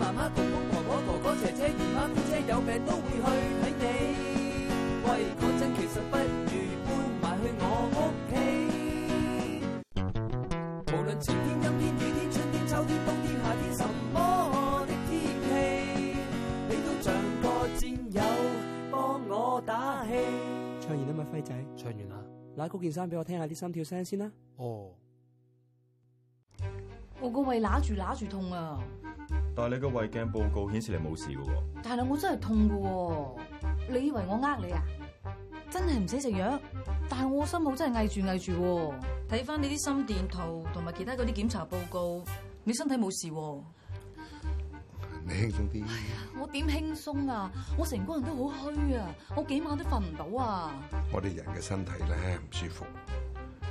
媽媽、公公婆婆、哥哥、姐姐、姨媽姑姐有病都會去睇你，喂，講真其實不如搬埋去我屋企。無論晴天、陰天、雨天、春天、秋天、冬天、夏天什麼的天氣，你都像個戰友幫我打氣。唱完啦嘛，輝仔，唱完啦，嗱，拉高件衫俾我聽下啲心跳聲先啦。哦、oh.，我個胃揦住揦住痛啊。但係你個胃鏡報告顯示你冇事噶喎。但係我真係痛噶喎，你以為我呃你啊？真係唔使食藥，但係我心口真係翳住翳住。睇翻你啲心電圖同埋其他嗰啲檢查報告，你身體冇事，你輕鬆啲。哎呀，我點輕鬆啊？我成個人都好虛啊，我幾晚都瞓唔到啊。我哋人嘅身體咧唔舒服，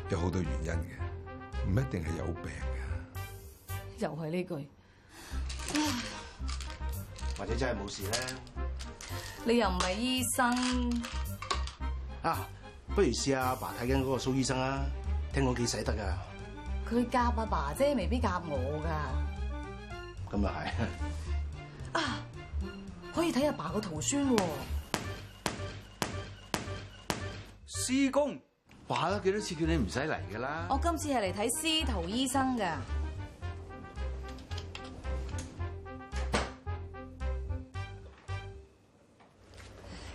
有好多原因嘅，唔一定係有病噶。又係呢句。或者真係冇事咧，你又唔係醫生啊？不如試下阿爸睇緊嗰個蘇醫生啊，聽講幾使得噶。佢夾阿爸啫，未必夾我噶。咁又係啊？可以睇阿爸個徒孫喎。師公，話咗幾多次叫你唔使嚟噶啦。我今次係嚟睇司徒醫生噶。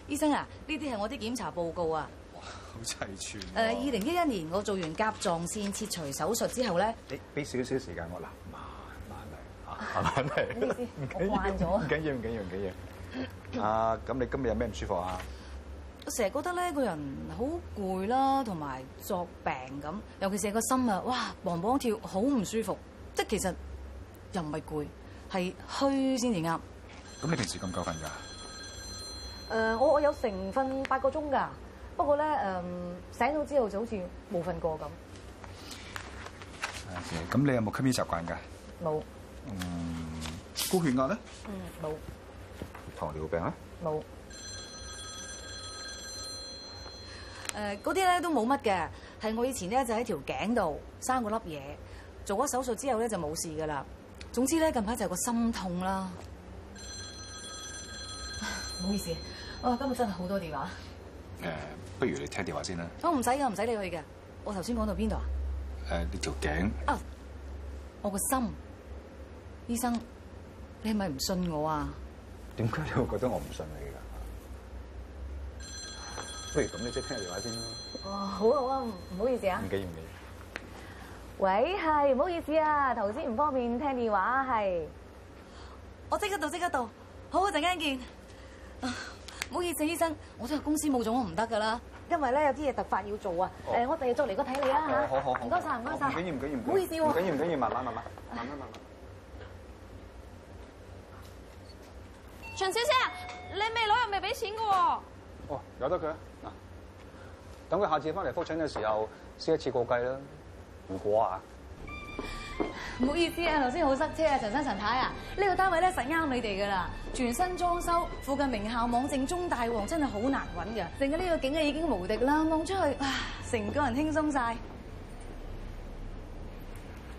醫生啊，呢啲係我啲檢查報告啊！哇，好齊全啊。誒，二零一一年我做完甲狀腺切除手術之後咧，誒，俾少少時間我啦，慢慢嚟，慢慢嚟。唔緊要，唔緊要，唔緊要。我慣咗。唔緊要，唔緊要，唔緊要。啊，咁你今日有咩唔舒服啊？我成日覺得咧個人好攰啦，同埋作病咁，尤其是個心啊，哇，砰砰跳，好唔舒服。即係其實又唔係攰，係虛先至啱。咁你平時咁夠瞓㗎？H> <h 誒、呃，我我有成瞓八個鐘噶，不過咧，誒、呃、醒到之後就好似冇瞓過咁。咁你有冇吸煙習慣㗎？冇。嗯，高血壓咧？嗯，冇。糖尿病咧？冇。誒、呃，嗰啲咧都冇乜嘅，係我以前咧就喺條頸度生個粒嘢，做咗手術之後咧就冇事㗎啦。總之咧近排就係個心痛啦。唔好意思。我今日真係好多電話。誒、呃，不如你聽電話先啦、哦。我唔使，我唔使你去嘅。我頭先講到邊度啊？誒，你條頸啊！我個心，醫生，你係咪唔信我啊？點解你會覺得我唔信你噶？啊、不如咁，你即聽電話先啦。哦，好啊，好啊，唔好意思啊。唔緊要，唔緊要喂，係唔好意思啊，頭先唔方便聽電話，係我即刻到，即刻到，好，好，陣間見。啊唔好意思，醫生，我真係公司冇咗，我唔得㗎喇，因為呢有啲嘢突發要做啊。誒，我第日再嚟過睇你啊嚇。好，好，唔該晒，唔該晒！唔緊要，唔緊要，唔好意思，唔緊要，唔緊要，慢慢，慢慢，慢慢，慢慢。啊，陳小姐，你未攞又未畀錢㗎喎。哦，由得佢吖。嗱，等佢下次返嚟覆診嘅時候，先一次過計啦。唔過啊。唔好意思啊，頭先好塞車啊，陳生陳太啊，呢、這個單位咧實啱你哋噶啦全新裝修，附近名校網正中大旺真係好難揾噶成個呢個景啊已經無敵啦，望出去啊，成個人輕鬆晒。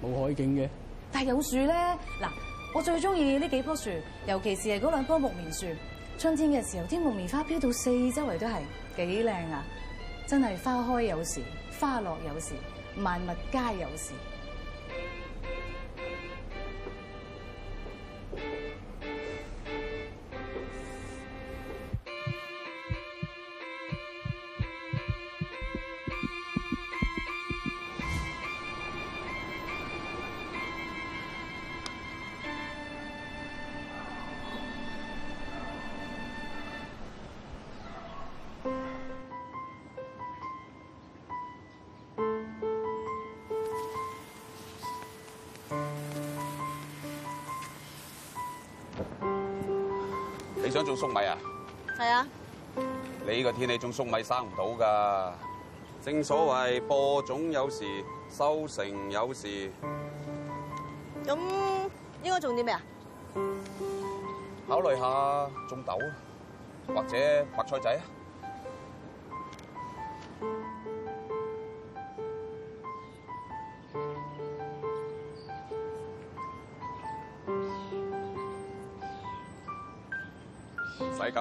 冇海景嘅。但係有樹咧，嗱，我最中意呢幾棵樹，尤其是係嗰兩棵木棉樹，春天嘅時候，啲木棉花飄到四周圍都係，幾靚啊！真係花開有時，花落有時，萬物皆有時。想種粟米啊？係啊。你呢個天氣種粟米生唔到噶，正所謂播種有時，收成有時。咁應該種啲咩啊？考慮下種豆啊，或者白菜仔啊。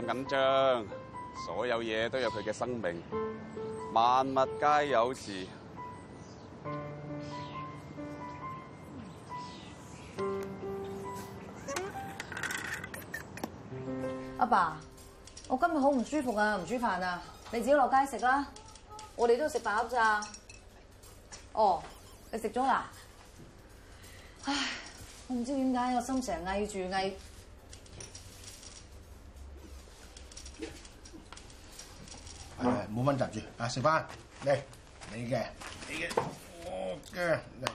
緊張，所有嘢都有佢嘅生命，萬物皆有時。阿爸，我今日好唔舒服啊，唔煮飯啊，你自己落街食啦，我哋都食飽咋。哦，你食咗啦？唉，我唔知點解，我心成日翳住翳。冇溫習住啊！食飯嚟，你嘅，你嘅，我嘅嚟，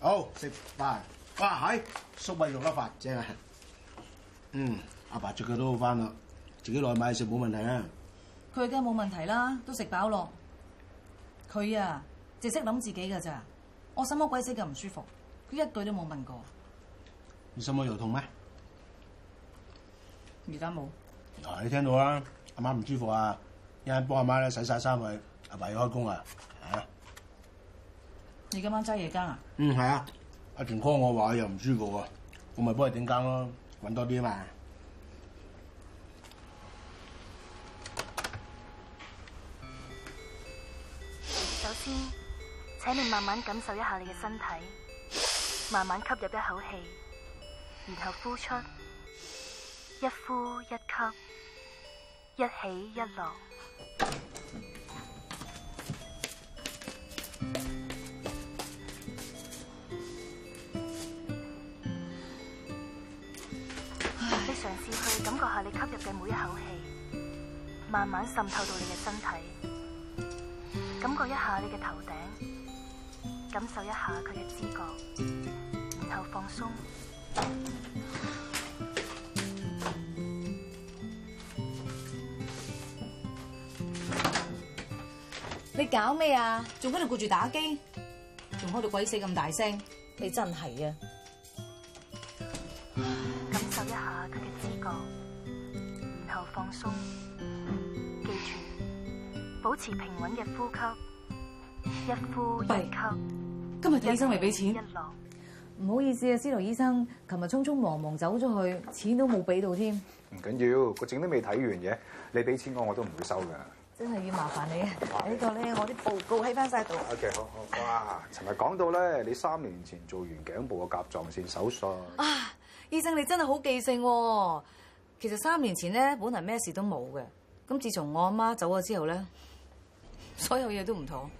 好食飯哇！喺、哎、粟米肉粒飯正啊。嗯，阿爸最近都好翻啦，自己落去買食冇問題啊？佢梗係冇問題啦，都食飽咯。佢啊，淨識諗自己㗎咋。我心口鬼死咁唔舒服，佢一句都冇問過。你心口又痛咩？而家冇。啊！你聽到啦，阿媽唔舒服啊！有啲幫阿媽咧洗晒衫去，阿爸，爸要開工啦。吓！你今晚周夜更啊？嗯，係啊！阿瓊哥我話又唔舒服，我咪幫你點更咯，搵多啲嘛。首先，請你慢慢感受一下你嘅身體，慢慢吸入一口氣，然後呼出，一呼一吸，一起一落。你嘗試去感覺下，你吸入嘅每一口氣，慢慢滲透到你嘅身體，感覺一下你嘅頭頂，感受一下佢嘅知覺，然後放鬆。你搞咩啊？仲喺度顧住打機，仲開到鬼死咁大聲！你真係啊！感受一下佢嘅知覺，然後放鬆。記住，保持平穩嘅呼吸，一呼一吸。今日睇醫生未俾錢？唔好意思啊，司徒醫生，琴日匆匆忙忙走咗去，錢都冇俾到添。唔緊要，個證都未睇完嘢，你俾錢我我都唔會收噶。真係要麻煩你嘅、啊、呢個咧，啊、我啲報告喺翻晒度。OK，好，好，好哇，尋日講到咧，你三年前做完頸部嘅甲狀腺手術啊。醫生你真係好記性喎、啊。其實三年前咧，本來咩事都冇嘅，咁自從我阿媽走咗之後咧，所有嘢都唔妥。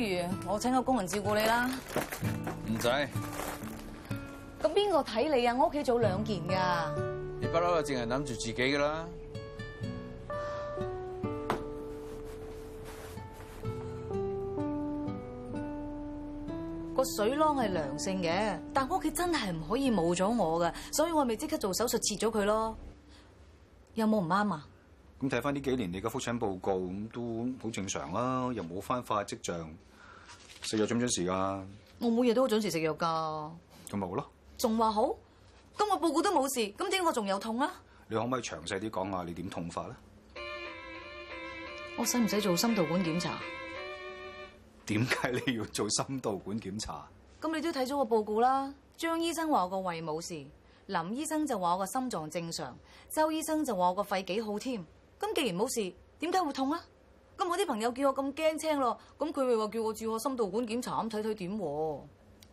不如我請個工人照顧你啦，唔使。咁邊個睇你啊？我屋企做兩件噶，你不嬲啊？淨係諗住自己噶啦。個水囊係良性嘅，但我屋企真係唔可以冇咗我嘅，所以我咪即刻做手術切咗佢咯。有冇唔啱啊？咁睇翻呢幾年你嘅複診報告，咁都好正常啦，又冇翻發跡象。食藥準唔準時噶？我每日都好準時食藥噶。咁咪好咯？仲話好？咁我報告都冇事，點解我仲有痛啊？你可唔可以詳細啲講下你點痛法咧？我使唔使做心導管檢查？點解你要做心導管檢查？咁你都睇咗個報告啦，張醫生話我個胃冇事，林醫生就話我個心臟正常，周醫生就話我個肺幾好添。咁既然冇事，點解會痛啊？咁我啲朋友叫我咁驚青咯，咁佢咪話叫我做個心導管檢查咁睇睇點？看看啊，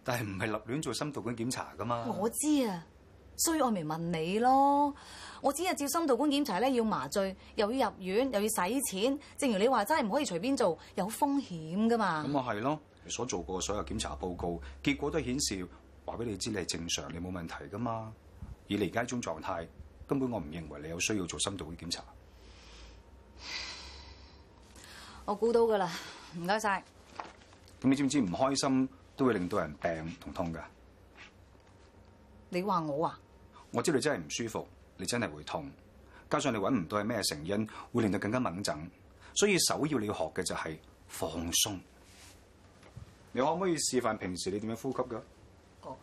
但係唔係立亂做心導管檢查噶嘛？我知啊，所以我咪問你咯。我只係，照心導管檢查咧要麻醉，又要入院，又要使錢。正如你話齋，唔可以隨便做，有風險噶嘛？咁啊係咯，你所做過所有檢查報告結果都顯示，話俾你知你係正常，你冇問題噶嘛？以你而家呢種狀態，根本我唔認為你有需要做心導管檢查。我估到噶啦，唔該晒。咁你知唔知唔開心都會令到人病同痛噶？你話我啊？我知道你真係唔舒服，你真係會痛，加上你搵唔到係咩成因，會令到更加猛症。所以首要你要學嘅就係放鬆。你可唔可以示範平時你點樣呼吸噶？哦。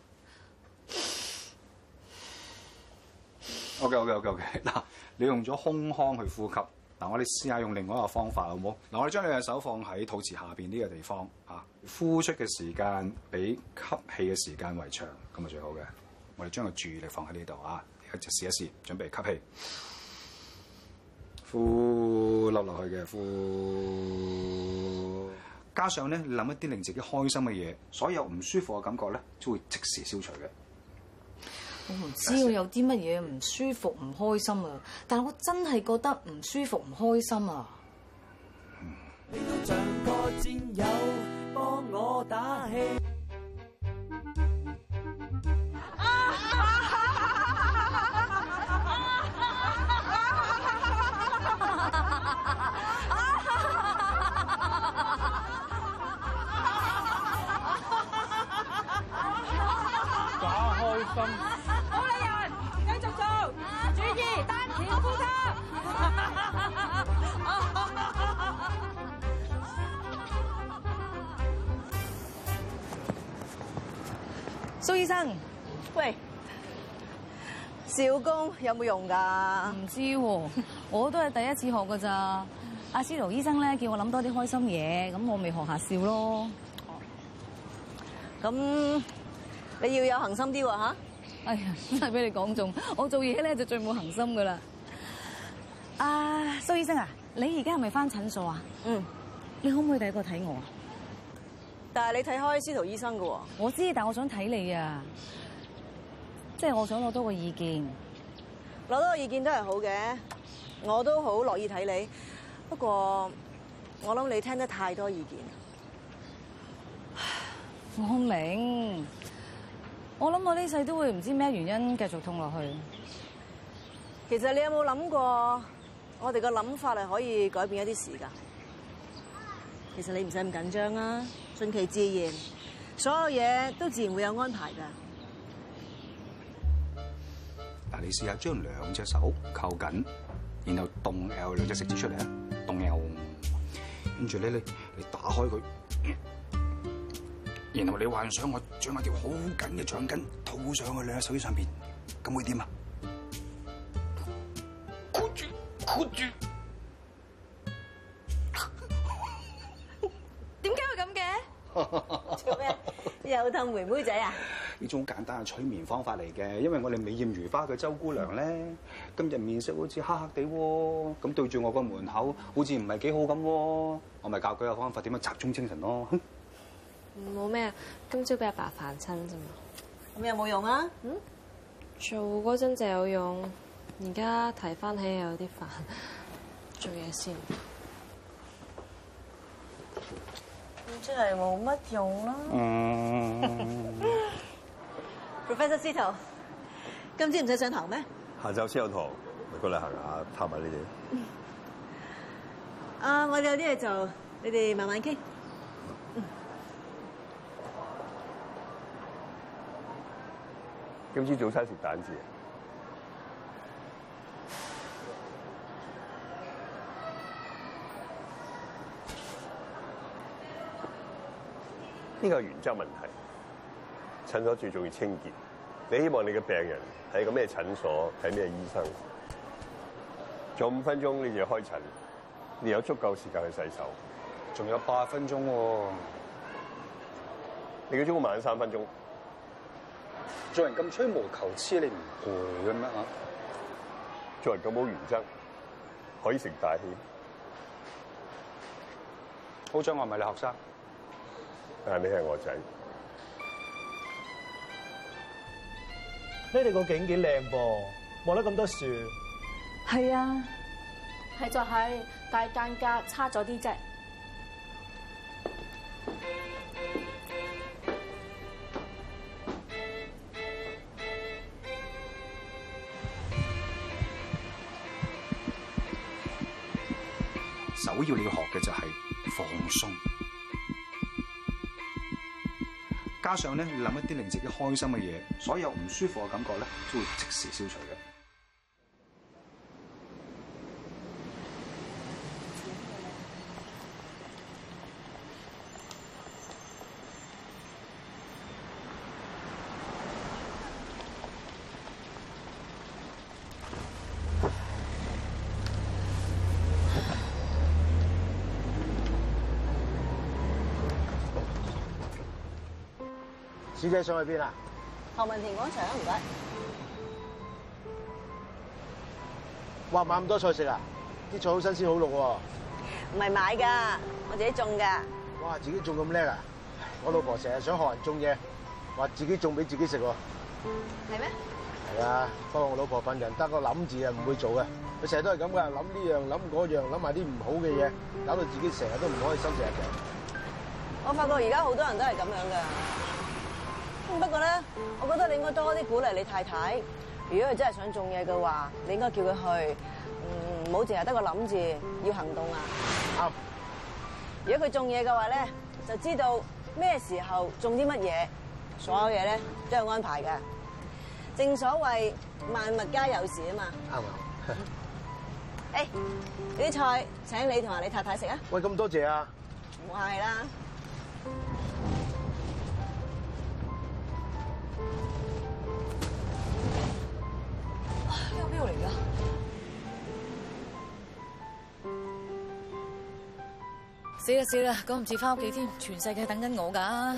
O K O K O K O K 嗱，你用咗胸腔去呼吸。嗱，我哋試下用另外一個方法，好唔好？嗱，我哋將你隻手放喺肚臍下邊呢個地方啊，呼出嘅時間比吸氣嘅時間為長咁啊，最好嘅。我哋將個注意力放喺呢度啊，試一就試一試，準備吸氣，呼落落去嘅呼，加上咧諗一啲令自己開心嘅嘢，所有唔舒服嘅感覺咧，都會即時消除嘅。我唔知我有啲乜嘢唔舒服唔開心啊，但係我真係覺得唔舒服唔開心啊！你都像個戰友幫我打氣打開心。蘇 醫生，喂，笑功有冇用噶？唔知喎，我都係第一次學噶咋。阿司徒醫生咧叫我諗多啲開心嘢，咁我咪學下笑咯。咁、哦、你要有恆心啲喎，吓、啊！哎呀，真係俾你講中，我做嘢咧就最冇恆心噶啦。啊，蘇、uh, 醫生啊，你而家係咪返診所啊？嗯，mm. 你可唔可以第一個睇我啊？但係你睇開司徒醫生噶。我知道，但我想睇你啊，即係我想攞多個意見。攞多個意見都係好嘅，我都好樂意睇你。不過我諗你聽得太多意見。唉，我明，我諗我呢世都會唔知咩原因繼續痛落去。其實你有冇諗過？我哋個諗法係可以改變一啲事噶。其實你唔使咁緊張啊，順其自然，所有嘢都自然會有安排噶。嗱，你試下將兩隻手扣緊，然後動 L 兩隻食指出嚟，動 L，跟住咧你、你，你打開佢，嗯，然後你幻想我將一條好緊嘅橡筋套上佢兩隻手指上面，咁會點啊？住 ！點解會咁嘅？做咩？又氹妹妹仔啊？呢種簡單嘅催眠方法嚟嘅，因為我哋美豔如花嘅周姑娘咧，今日面色好似黑黑地喎，咁對住我個門口好似唔係幾好咁喎，我咪教佢個方法點樣集中精神咯。冇咩，今朝俾阿爸煩親啫嘛。咁有冇用啊？嗯，做嗰陣就有用。而家提翻起有啲煩，做嘢先。咁真係冇乜用啦。嗯 。Professor Situ，今朝唔使上堂咩？下晝先有堂，你過嚟行下，探埋你哋。啊，uh, 我哋有啲嘢做，你哋慢慢傾。今朝早餐食蛋治。呢個係原則問題，診所最重要清潔。你希望你嘅病人喺個咩診所睇咩醫生？仲有五分鐘你就開診，你有足夠時間去洗手。仲有八分鐘喎、哦，你嘅鐘慢咗三分鐘。做人咁吹毛求疵，你唔攰嘅咩嚇？做人咁冇原則，可以成大器。好彩我唔係你學生。但係你係我仔，呢度個景幾靚噃，望得咁多樹。係啊，係就係，但間隔差咗啲啫。首要你要學嘅就係放鬆。加上咧諗一啲令自己開心嘅嘢，所有唔舒服嘅感覺咧，都會即時消除嘅。小姐，姐想去邊啊？何文田廣場唔該。哇，買咁多菜食啊？啲菜好新鮮好綠喎。唔係買噶，我自己種噶。哇，自己種咁叻啊！嗯、我老婆成日想學人種嘢，話自己種俾自己食喎。係咩？係啊，不過我老婆份人，得個諗字啊，唔會做嘅。佢成日都係咁噶，諗呢樣諗嗰樣，諗埋啲唔好嘅嘢，搞到自己成日都唔開心成日嘅，嗯、我發覺而家好多人都係咁樣噶。不過咧，我覺得你應該多啲鼓勵你太太。如果佢真係想種嘢嘅話，你應該叫佢去，唔好淨係得個諗住要行動啊！啱、嗯。如果佢種嘢嘅話咧，就知道咩時候種啲乜嘢，所有嘢咧都有安排嘅。正所謂萬物皆有時啊嘛。啱啊、嗯。誒 、hey，呢啲菜請你同埋你太太食啊！喂，咁多謝啊！唔係啦。咩嚟噶？死啦死啦，趕唔切翻屋企添，全世界等緊我噶。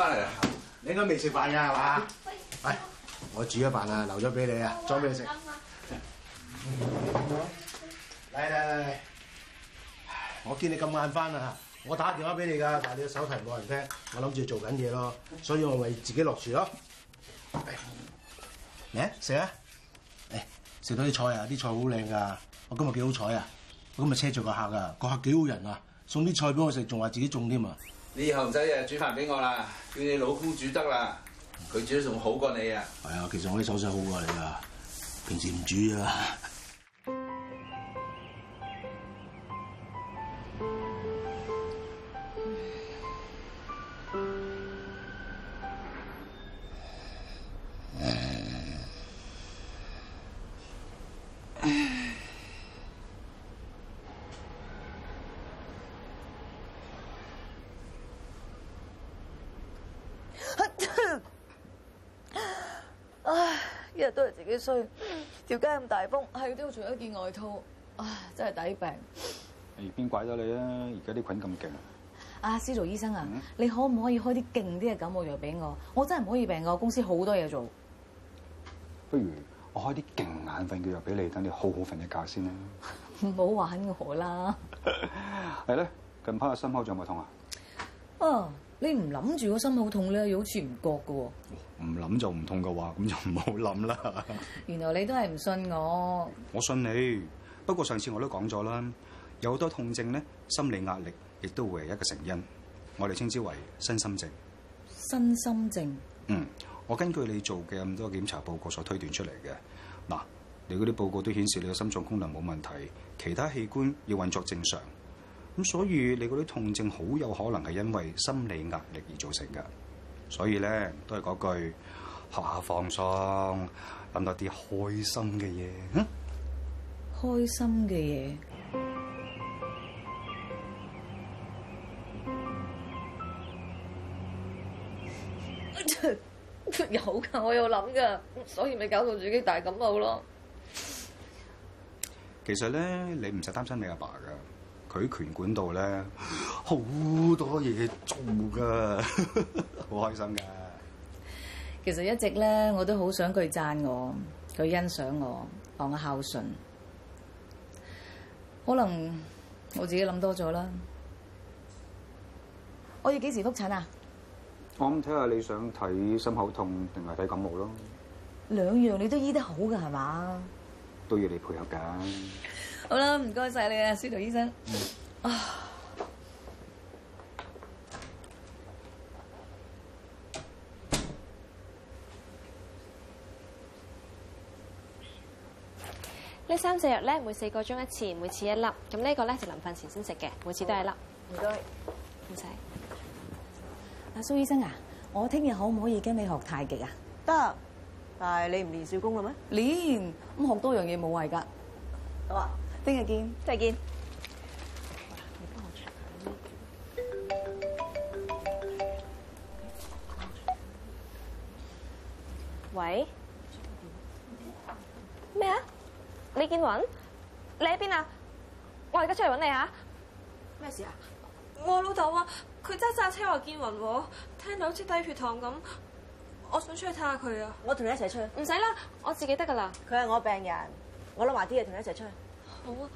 翻嚟啦，你應該未食飯㗎係嘛？嚟，我煮咗飯啦，留咗俾你啊，裝俾你食？嚟嚟嚟我見你咁晏翻啊，我打電話俾你㗎，但係你個手提冇人聽，我諗住做緊嘢咯，所以我咪自己落廚咯。嚟食啊，嚟食到啲菜啊，啲菜好靚㗎，我今日幾好彩啊，我今日車著個客啊，個客幾好人啊，送啲菜俾我食，仲話自己種添啊。你以後唔使煮飯俾我啦，叫你老公煮，煮得啦，佢煮得仲好過你啊。係啊，其實我啲手勢好過你啊，平時唔煮啊。幾衰，條街咁大風，係都要着一件外套，啊，真係抵病。係邊怪咗你啊？而家啲菌咁勁。阿司徒醫生啊，嗯、你可唔可以開啲勁啲嘅感冒藥俾我？我真係唔可以病個，我公司好多嘢做。不如我開啲勁眼瞓嘅藥俾你，等你好好瞓一覺先啦。唔好玩我啦。係咧，近排個心口仲有冇痛啊？啊！你唔諗住個心好痛咧，又好似唔覺嘅喎。唔諗就唔痛嘅話，咁就唔好諗啦。原來你都係唔信我。我信你。不過上次我都講咗啦，有好多痛症咧，心理壓力亦都會係一個成因，我哋稱之為身心症。身心症？嗯，我根據你做嘅咁多檢查報告所推斷出嚟嘅。嗱，你嗰啲報告都顯示你嘅心臟功能冇問題，其他器官要運作正常。咁所以你嗰啲痛症好有可能係因為心理壓力而造成噶、嗯 ，所以咧都係嗰句學下放鬆，諗到啲開心嘅嘢。開心嘅嘢有噶，我有諗噶，所以咪搞到自己大感冒咯。其實咧，你唔使擔心你阿爸噶。佢拳館度咧好多嘢做噶，好 開心噶。其實一直咧，我都好想佢讚我，佢欣賞我，當我孝順。可能我自己諗多咗啦。我要幾時覆診啊？我諗，睇下你想睇心口痛定係睇感冒咯。兩樣你都醫得好噶係嘛？都要你配合㗎。好啦，唔該晒你啊，司徒醫生。啊，呢三隻藥咧，每四個鐘一次，每次一粒。咁、這、呢個咧就臨瞓前先食嘅，每次都係一粒。唔該，唔使。阿蘇醫生啊，我聽日可唔可以跟你學太極啊？得，但係你唔練少功啦咩？練，咁學多樣嘢冇謂噶。好啊。聽日見，再見。喂，咩啊？李建雲，你喺邊啊？我而家出嚟揾你啊！咩事啊？我老豆啊，佢揸架車話建雲，聽到好似低血糖咁，我想出去睇下佢啊。我同你一齊出去。唔使啦，我自己得噶啦。佢係我病人，我諗話啲嘢同你一齊出去。好啊。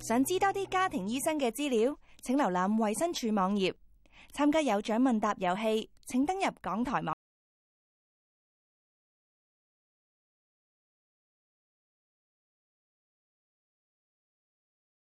想知多啲家庭醫生嘅資料，請瀏覽衛生署網頁。參加有獎問答遊戲，請登入港台網。